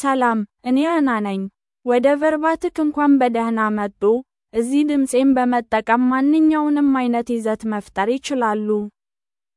ሰላም፣ እኔ አና ነኝ። ወደ ቨርባትክ እንኳን በደህና መጡ። እዚህ ድምፄን በመጠቀም ማንኛውንም አይነት ይዘት መፍጠር ይችላሉ።